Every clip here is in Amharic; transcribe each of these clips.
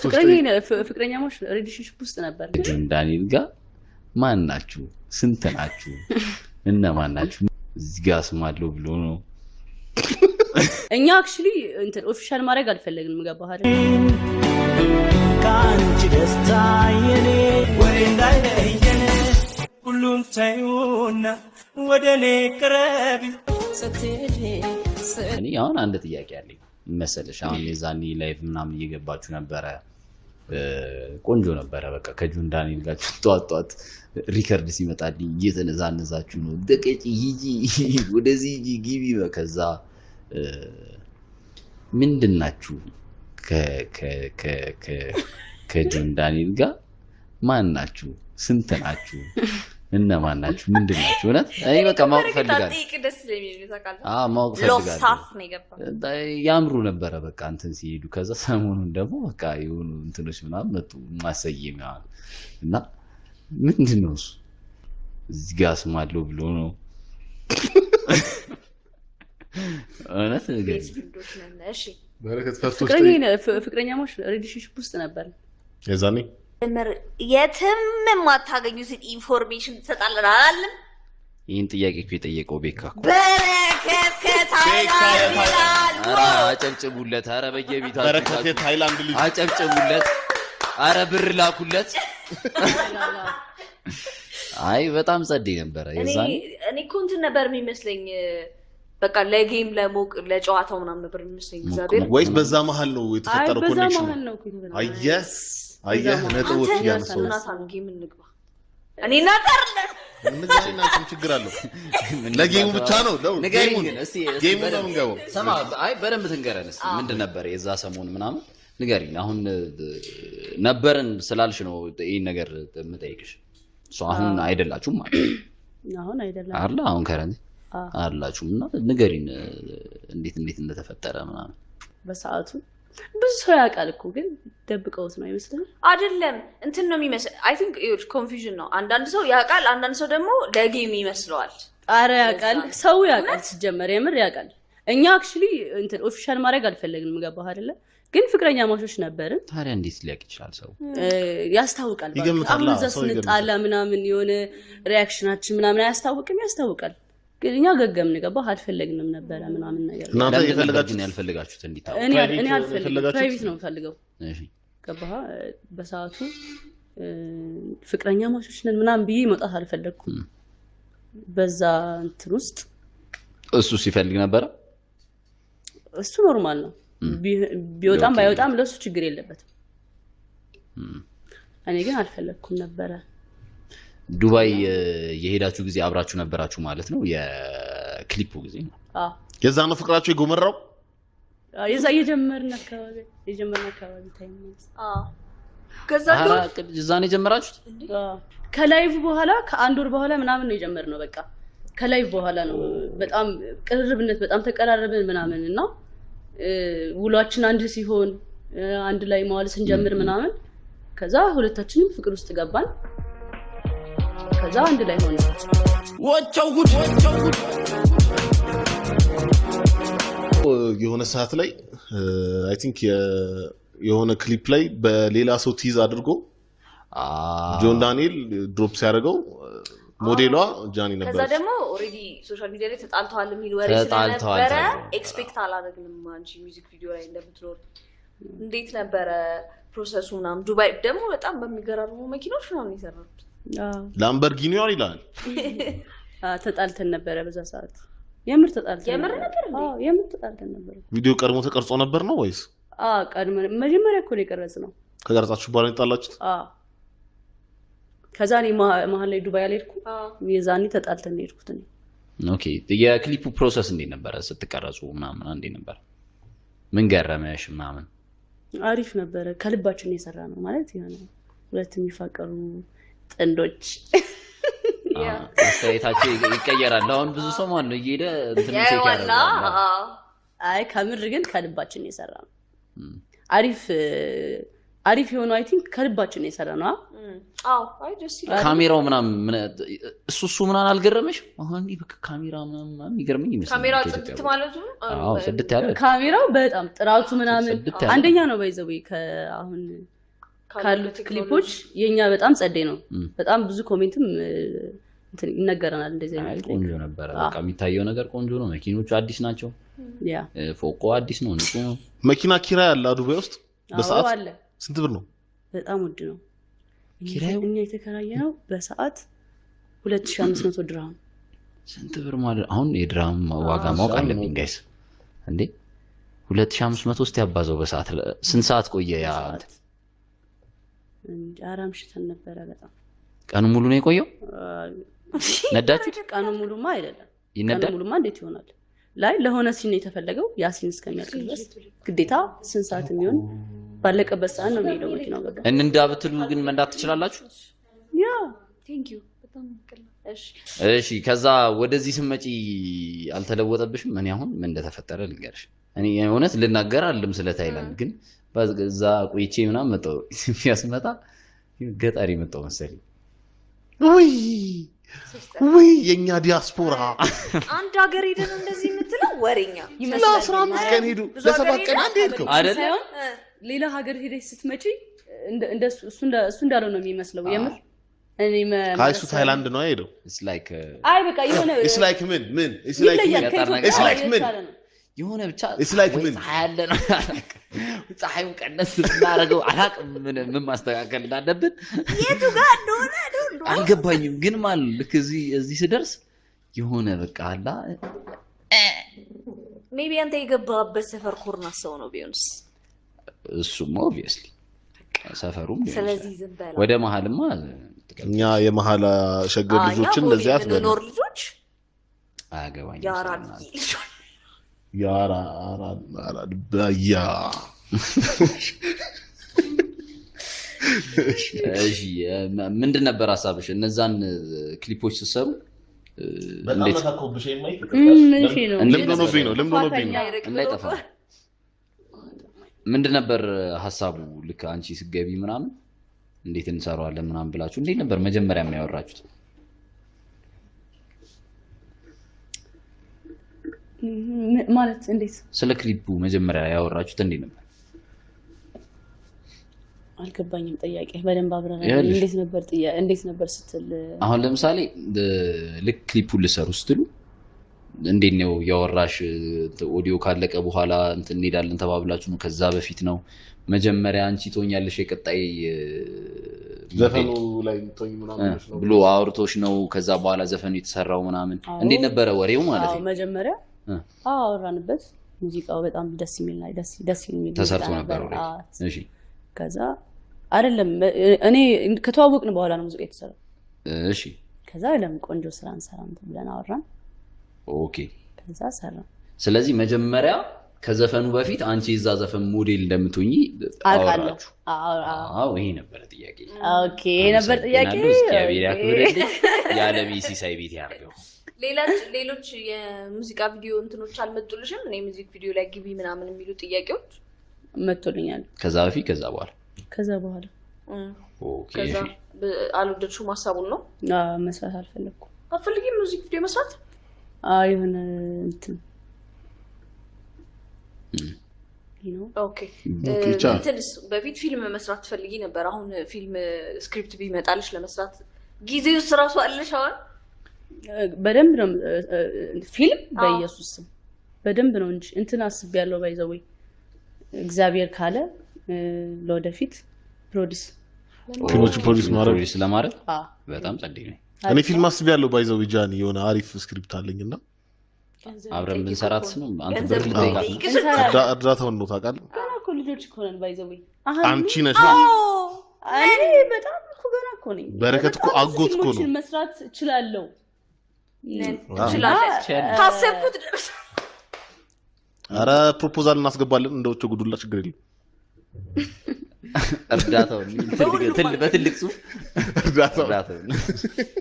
ፍቅረኛሞች ሪሌሽንሽፕ ውስጥ ነበር። ዳንኤል ጋር ማን ናችሁ? ስንት ናችሁ? እነማን ናችሁ? እዚህ ጋር ብሎ ነው። እኛ አክቹዋሊ ኦፊሻል ማድረግ አልፈለግንም። ገባህ አይደል? ከአንቺ ደስታ የኔ ወሬ እንዳይለየን ሁሉም ተይውና ወደ እኔ ቅረቢ። እኔ አሁን አንድ ጥያቄ አለኝ መሰለሽ አሁን የዛኒ ላይፍ ምናምን እየገባችሁ ነበረ። ቆንጆ ነበረ። በቃ ከጁን ዳንኤል ጋር ጠዋት ሪከርድ ሲመጣልኝ እየተነዛነዛችሁ ነው፣ ደቀጭ ሂጂ፣ ወደዚህ ሂጂ፣ ግቢ። ከዛ ምንድን ናችሁ ከጁን ዳንኤል ጋር ማን ናችሁ? ስንት ናችሁ? እነማን ናችሁ? ምንድን ናችሁ? እውነት እኔ በቃ ማወቅ ፈልጋለሁ። ማወቅ ፈልጋለሁ። ያምሩ ነበረ በቃ እንትን ሲሄዱ። ከዛ ሰሞኑን ደግሞ በቃ የሆኑ እንትኖች ምናምን መጡ ማሰየሚያ እና ምንድን ነው እሱ እዚህ ጋ ስም አለው ብሎ ነው እውነት ፍቅረኛ ሪሌሽንሽፕ ውስጥ ነበር የዛኔ የትም የማታገኙትን ኢንፎርሜሽን ትሰጣለን አላለም። ይህን ጥያቄ እኮ የጠየቀው ቤካ በረከት አጨብጭቡለት። ኧረ በየቤታችሁ አጨብጭቡለት። ኧረ ብር ላኩለት። አይ በጣም ጸዴ ነበረ። እኔ እኮ ነበር የሚመስለኝ በቃ ለጌም ለሞቅ ለጨዋታው ምናምን ነበር የሚመስለኝ ወይስ በዛ መሀል ነው የተፈጠረው ኮኔክሽን? አየስ አየህ ነጥቦች እያነሳሁ እኔ ነገር ንገሪናትም ችግር አለው። ለጌሙ ብቻ ነው ጌሙ ነው ምንገባው። አይ በደንብ ትንገረን እስኪ ምንድን ነበር የዛ ሰሞን ምናምን ንገሪኝ። አሁን ነበርን ስላልሽ ነው ይህን ነገር የምጠይቅሽ። አሁን አይደላችሁም አለ አሁን ከረን አላችሁም እና ንገሪን እንዴት እንዴት እንደተፈጠረ ምናምን በሰዓቱ ብዙ ሰው ያውቃል እኮ ግን ደብቀውት ነው አይመስልም? አይደለም እንትን ነው የሚመስል። አይ ቲንክ ኮንፊውዥን ነው። አንዳንድ ሰው ያውቃል፣ አንዳንድ ሰው ደግሞ ደጌም ይመስለዋል። አረ ያውቃል፣ ሰው ያውቃል። ሲጀመር የምር ያውቃል። እኛ አክቹዋሊ እንትን ኦፊሻል ማድረግ አልፈለግንም። ገባህ አይደለ? ግን ፍቅረኛ ማሾች ነበርን። ታዲያ እንዴት ሊያውቅ ይችላል? ሰው ያስታውቃል። አሁን እዛ ስንጣላ ምናምን የሆነ ሪያክሽናችን ምናምን አያስታውቅም? ያስታውቃል እኛ ገገምን ገባህ አልፈለግንም ነበረ ምናምን ነገር እናንተ የፈለጋችሁ ያልፈለጋችሁት እኔ አልፈልግም ፕራይቬት ነው የምፈልገው ገባህ በሰዓቱ ፍቅረኛ ማቾች ነን ምናምን ብዬ መውጣት አልፈለግኩም በዛ እንትን ውስጥ እሱ ሲፈልግ ነበረ እሱ ኖርማል ነው ቢወጣም ባይወጣም ለእሱ ችግር የለበትም እኔ ግን አልፈለግኩም ነበረ ዱባይ የሄዳችሁ ጊዜ አብራችሁ ነበራችሁ ማለት ነው። የክሊፑ ጊዜ ነው። የዛ ነው ፍቅራችሁ የጎመራው። የዛ የጀመርን አካባቢ የጀመርን አካባቢ ነው የጀመራችሁት። ከላይቭ በኋላ ከአንድ ወር በኋላ ምናምን ነው የጀመርነው። በቃ ከላይቭ በኋላ ነው በጣም ቅርብነት፣ በጣም ተቀራረብን ምናምን እና ውሏችን አንድ ሲሆን አንድ ላይ መዋል ስንጀምር ምናምን ከዛ ሁለታችንም ፍቅር ውስጥ ገባን። ከዛ አንድ ላይ ሆነ የሆነ ሰዓት ላይ አይ ቲንክ የሆነ ክሊፕ ላይ በሌላ ሰው ቲዝ አድርጎ ah. ጆን ዳንኤል ድሮፕ ሲያደርገው ሞዴሏ ah. ጃኒ ነበር። ከዛ ደግሞ ኦልሬዲ ሶሻል ሚዲያ ላይ ተጣልተዋል የሚል ወሬ ስለነበረ ኤክስፔክት አላደርግም አንቺ ሚዚክ ቪዲዮ ላይ እንደምትኖር። እንዴት ነበረ ፕሮሰሱ ምናምን? ዱባይ ደግሞ በጣም በሚገራርሙ መኪኖች ምናምን የሰራሁት ላምበርጊኒዋን ይላል። ተጣልተን ነበረ በዛ ሰዓት የምር ተጣልተን የምር ነበር የምር ተጣልተን ነበረ። ቪዲዮ ቀድሞ ተቀርጾ ነበር ነው ወይስ ቀድሞ? መጀመሪያ እኮ ነው የቀረጽ ነው። ከቀረጻችሁ በኋላ የጣላችሁት? ከዛ እኔ መሀል ላይ ዱባይ አልሄድኩ። የዛኔ ተጣልተን ሄድኩት። ኦኬ የክሊፑ ፕሮሰስ እንዴት ነበረ? ስትቀረጹ ምናምን እንዴት ነበር? ምን ገረመሽ ምናምን? አሪፍ ነበረ። ከልባችን የሰራ ነው ማለት የሆነ ሁለት የሚፋቀሩ ጥንዶች አስተያየታቸው ይቀየራል። አሁን ብዙ ሰው ማን ነው እየሄደ አይ ከምር ግን ከልባችን የሰራ ነው። አሪፍ አሪፍ የሆነው አይ ቲንክ ከልባችን የሰራ ነው። ካሜራው ምናምን እሱ እሱ ምናን አልገረመሽም? አሁን ካሜራ ምናምን ይገርመኝ ይመስላል። ካሜራው በጣም ጥራቱ ምናምን አንደኛ ነው። ባይዘዌ ከአሁን ካሉት ክሊፖች የኛ በጣም ጸደይ ነው። በጣም ብዙ ኮሜንትም ይነገረናል። እንደዚህ ቆንጆ ነበረ። የሚታየው ነገር ቆንጆ ነው። መኪኖቹ አዲስ ናቸው። ፎቆ አዲስ ነው፣ ንጹ ነው። መኪና ኪራ ያለ ዱባይ ውስጥ በሰዓት ስንት ብር ነው? በጣም ውድ ነው ኪራዩ። የተከራየ ነው በሰዓት ሁለት ሺ አምስት መቶ ድራም ስንት ብር ማለት አሁን የድራም ዋጋ ማወቅ አለብኝ ጋይስ። እንዴ ሁለት ሺ አምስት መቶ ውስጥ ያባዘው በሰዓት ስንት ሰዓት ቆየ ያ አራምሽተን ነበረ። በጣም ቀኑ ሙሉ ነው የቆየው። ነዳችሁት? ቀኑ ሙሉማ አይደለም። ቀኑ ሙሉማ እንዴት ይሆናል? ላይ ለሆነ ሲን የተፈለገው። ያ ሲን እስከሚያልቅ ድረስ ግዴታ ስንት ሰዓት የሚሆን ባለቀበት ሰዓት ነው የሚሄደው መኪናው። በቃ እንንዳ ብትሉ ግን መንዳት ትችላላችሁ። እሺ። ከዛ ወደዚህ ስመጪ አልተለወጠብሽም? እኔ አሁን ምን እንደተፈጠረ ልንገርሽ። እኔ እውነት ልናገር አልም ስለታይላል ግን በዛ ቆይቼ ምና መጠው የሚያስመጣ ገጠር የመጣሁ መሰል ውይ የእኛ ዲያስፖራ አንድ ሀገር ሄደን እንደዚህ የምትለው ወሬኛ ለአስራ አምስት ቀን ሄዱ ለሰባት ቀን አንድ ሄድከው ሳይሆን ሌላ ሀገር ሄደች ስትመጪ እሱ እንዳለው ነው የሚመስለው የምር እሱ ታይላንድ ነው ምን ምን ምን የሆነ ብቻ ያለ ነው ፀሐዩን ቀነስ ስናደርገው አላቅም ምን ማስተካከል እንዳለብን የቱ ጋር እንደሆነ አልገባኝም። ግን ማለት ልክ እዚህ ስደርስ የሆነ በቃ አላ ሜቢ አንተ የገባበት ሰፈር ኮርና ሰው ነው ቢሆንስ እሱም ኦብቪየስሊ ሰፈሩም ስለዚህ ወደ መሀልማ እኛ የመሀል ሸገር ልጆችን እንደዚህ አትበል ልጆች አያገባኝም ያራራራያ ምንድን ነበር ሀሳብሽ? እነዛን ክሊፖች ስትሰሩ እንዳይጠፋ ምንድን ነበር ሀሳቡ? ልክ አንቺ ስገቢ ምናምን እንዴት እንሰራዋለን ምናምን ብላችሁ እንዴት ነበር መጀመሪያ የሚያወራችሁት? ማለት እንዴት? ስለ ክሊፑ መጀመሪያ ያወራችሁት እንዴት ነበር? አልገባኝም። ጥያቄ በደንብ አብረራ። እንዴት ነበር እንዴት ነበር ስትል፣ አሁን ለምሳሌ ልክ ክሊፑን ልሰሩ ስትሉ እንዴት ነው ያወራሽ? ኦዲዮ ካለቀ በኋላ እንትን እንሄዳለን ተባብላችሁ ነው? ከዛ በፊት ነው መጀመሪያ አንቺ ትሆኛለሽ የቀጣይ ዘፈኑ ላይ ብሎ አውርቶች ነው? ከዛ በኋላ ዘፈኑ የተሰራው ምናምን እንዴት ነበረ ወሬው ማለት ነው መጀመሪያ አወራንበት። ሙዚቃው በጣም ደስ የሚል ደስ የሚል ተሰርቶ ነበር። እሺ ከዛ አይደለም እኔ ከተዋወቅን በኋላ ነው ሙዚቃ የተሰራው። እሺ ከዛ ለምን ቆንጆ ስራ እንሰራም ብለን አወራን። ኦኬ ከዛ ሰራ። ስለዚህ መጀመሪያ ከዘፈኑ በፊት አንቺ እዛ ዘፈን ሞዴል እንደምትሆኚ አውቃለሁ። ይሄ ነበር ጥያቄ። ኦኬ ይሄ ነበር ጥያቄ። እግዚአብሔር ያክብርልኝ። የዓለም ሲሳይ ቤት ያርገው። ሌሎች የሙዚቃ ቪዲዮ እንትኖች አልመጡልሽም? እኔ ሙዚክ ቪዲዮ ላይ ግቢ ምናምን የሚሉ ጥያቄዎች መጥቶልኛል። ከዛ በፊት ከዛ በኋላ ከዛ በኋላ አልወደድሽውም ሀሳቡን ነው መስራት አልፈለግኩም። አትፈልጊም ሙዚክ ቪዲዮ መስራት? የሆነ እንትን እንትንስ በፊት ፊልም መስራት ትፈልጊ ነበር። አሁን ፊልም ስክሪፕት ቢመጣልሽ ለመስራት ጊዜው እራሱ አለሽ አሁን በደንብ ነው ፊልም በኢየሱስ ስም በደንብ ነው እንጂ እንትን አስብ ያለው ባይዘወ እግዚአብሔር ካለ ለወደፊት ፕሮዲስ ፊልሞች ፕሮዲስ ማድረግ ለማድረግ በጣም ጸዴ ነው። እኔ ፊልም አስብ ያለው ባይዘው ጃኒ የሆነ አሪፍ ስክሪፕት አለኝ እና አብረን ብንሰራት ነው። ነው ታውቃለህ። ልጆች እኮ ባይዘው አንቺ ነሽ በጣም ገና እኮ በረከት እኮ አጎት እኮ ነው መስራት እችላለሁ ካሰብኩት ኧረ ፕሮፖዛል እናስገባለን። እንደ ጉዱላ ችግር የለም። እርዳታውን በትልቅ ጽሑፍ እርዳታውን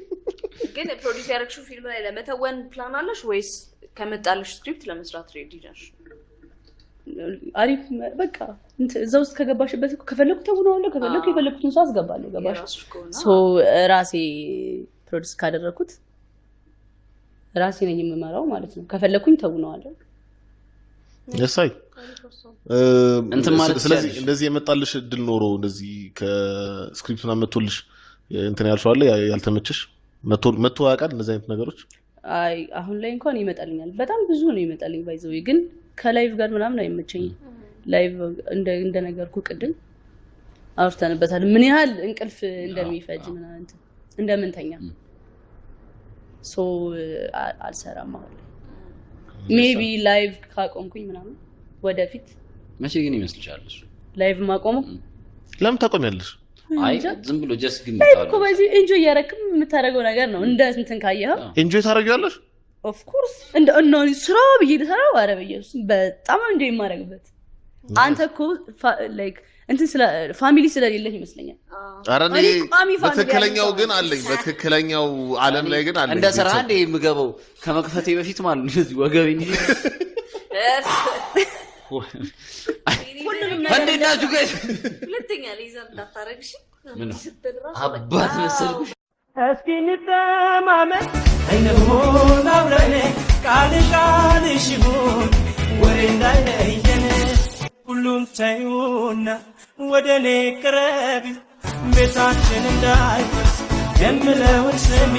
ግን ፕሮዲስ ያደረግሽው ፊልም ላይ ለመተወን ፕላን አለሽ ወይስ ከመጣለሽ ስክሪፕት ለመስራት ሬዲ ነሽ? አሪፍ በቃ እዛ ውስጥ ከገባሽበት ከፈለኩ ተውነዋለሁ፣ ከፈለኩ የፈለኩትን ሰው አስገባለሁ። ገባሽ ራሴ ፕሮዲስ ካደረግኩት ራሴ ነኝ የምመራው ማለት ነው። ከፈለኩኝ ተውነዋለሁ። እሰይ ስለዚህ እንደዚህ የመጣልሽ እድል ኖሮ እንደዚህ ከስክሪፕቱና መቶልሽ እንትን ያልሸዋለ ያልተመቸሽ መቶ ያውቃል እነዚህ አይነት ነገሮች አይ አሁን ላይ እንኳን ይመጣልኛል። በጣም ብዙ ነው ይመጣልኝ። ባይዘው ግን ከላይቭ ጋር ምናምን አይመቸኝም። ላይቭ እንደነገርኩ ቅድም አውርተንበታል፣ ምን ያህል እንቅልፍ እንደሚፈጅ እንደምንተኛ ሶ አልሰራም። አሁን ሜቢ ላይቭ ካቆምኩኝ ምናምን ወደፊት። መቼ ግን ይመስልሻል እሱ ላይቭ ማቆሙ? ለምን ታቆሚያለሽ? ዝም ብሎ ጀስት ግን በዚህ ኢንጆይ እያደረግክ የምታደርገው ነገር ነው። እንደ እንትን ካየኸው ኢንጆይ ታደርጊዋለሽ። ኦፍኮርስ እንደ ስራ ብዬ ልሰራው ረበየሱ በጣም እንጆ የማደረግበት አንተ ኮ ላይክ እንትን ስለ ፋሚሊ ስለሌለህ ይመስለኛል። ኧረ እኔ በትክክለኛው ግን አለኝ፣ በትክክለኛው አለም ላይ ግን አለኝ። እንደ ስራ እንደ የምገበው ከመክፈቴ በፊት ማለት ነው። እዚህ እንዴት ናችሁ ጋይስ? ሁለተኛ ሌዘር እንዳታረግሽ አባት መሰልኩሽ። እስኪ አብረን፣ ቃል ቃልሽ ይሁን ወሬ እንዳይለየን ሁሉም ተዩ ወደ እኔ ቅረብ ቤታችን እንዳይፈርስ የምለውን ስሜ